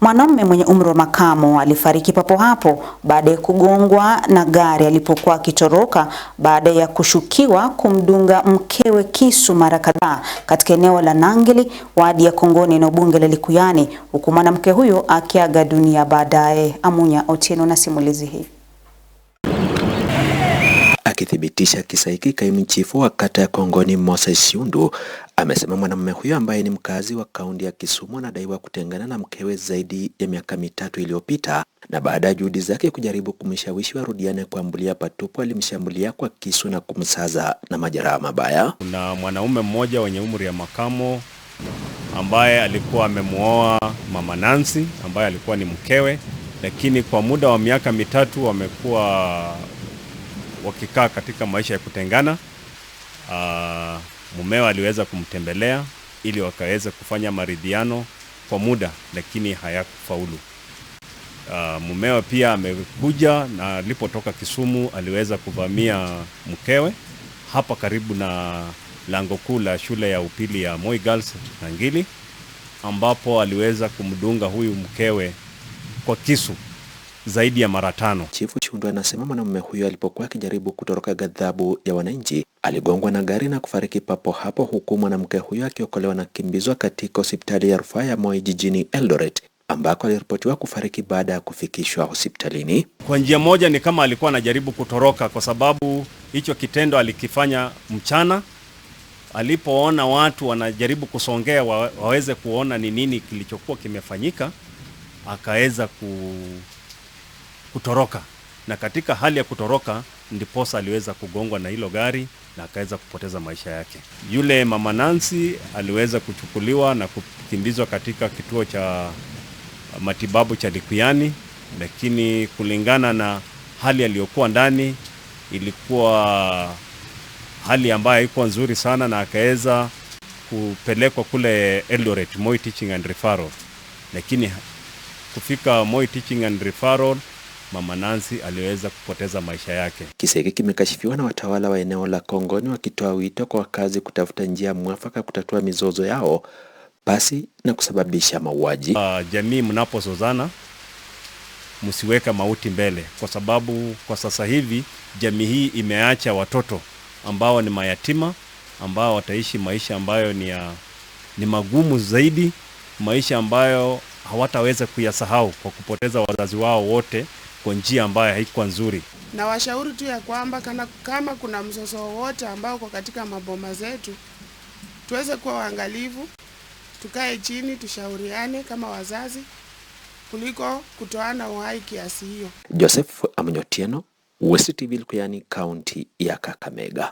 Mwanamume mwenye umri wa makamo alifariki papo hapo baada ya kugongwa na gari alipokuwa akitoroka baada ya kushukiwa kumdunga mkewe kisu mara kadhaa katika eneo la Nangili, wadi ya Kongoni, eneo bunge la Likuyani, huku mwanamke huyo akiaga dunia baadaye. Amunya Otieno na simulizi hii akithibitisha kisa hiki, kaimu chifu wa kata ya Kongoni Moses Shundu amesema mwanamume huyo ambaye ni mkazi wa kaunti ya Kisumu anadaiwa kutengana na mkewe zaidi ya miaka mitatu iliyopita, na baada ya juhudi zake kujaribu kumshawishi warudiane kuambulia patupu, alimshambulia kwa kisu na kumsaza na majeraha mabaya. Kuna mwanaume mmoja wenye umri ya makamo ambaye alikuwa amemwoa mama Nancy ambaye alikuwa ni mkewe, lakini kwa muda wa miaka mitatu wamekuwa wakikaa katika maisha ya kutengana. aa, ah, mumeo aliweza kumtembelea ili wakaweza kufanya maridhiano kwa muda, lakini hayakufaulu. Ah, mumeo mumewe pia amekuja na alipotoka Kisumu aliweza kuvamia mkewe hapa karibu na lango kuu la shule ya upili ya Moi Girls ngili ambapo aliweza kumdunga huyu mkewe kwa kisu zaidi ya mara tano. Chifu Chundu anasema mwanamume huyo alipokuwa akijaribu kutoroka ghadhabu ya wananchi aligongwa na gari na kufariki papo hapo, huku mwanamke huyo akiokolewa na kukimbizwa katika hospitali ya rufaa ya Moi jijini Eldoret ambako aliripotiwa kufariki baada ya kufikishwa hospitalini. Kwa njia moja ni kama alikuwa anajaribu kutoroka, kwa sababu hicho kitendo alikifanya mchana. Alipoona watu wanajaribu kusongea waweze kuona ni nini kilichokuwa kimefanyika, akaweza ku kutoroka, na katika hali ya kutoroka ndiposa aliweza kugongwa na hilo gari na akaweza kupoteza maisha yake. Yule mama Nancy aliweza kuchukuliwa na kukimbizwa katika kituo cha matibabu cha Likuyani, lakini kulingana na hali aliyokuwa ndani ilikuwa hali ambayo haikuwa nzuri sana, na akaweza kupelekwa kule Eldoret Moi Teaching and Referral, lakini kufika Moi Teaching and Referral Mama Nancy aliweza kupoteza maisha yake. Kisa hiki kimekashifiwa na watawala wa eneo la Kongoni wakitoa wito kwa wakazi kutafuta njia mwafaka kutatua mizozo yao basi na kusababisha mauaji. Uh, jamii mnapozozana msiweka mauti mbele, kwa sababu kwa sasa hivi jamii hii imeacha watoto ambao ni mayatima ambao wataishi maisha ambayo ni, ya, ni magumu zaidi, maisha ambayo hawataweza kuyasahau kwa kupoteza wazazi wao wote kwa njia ambayo haikuwa nzuri. Na washauri tu ya kwamba kama kuna mzozo wowote ambao uko katika maboma zetu, tuweze kuwa waangalivu, tukae chini, tushauriane kama wazazi kuliko kutoana uhai kiasi hiyo. Joseph Amnyotieno, West TV, Likuyani, kaunti ya Kakamega.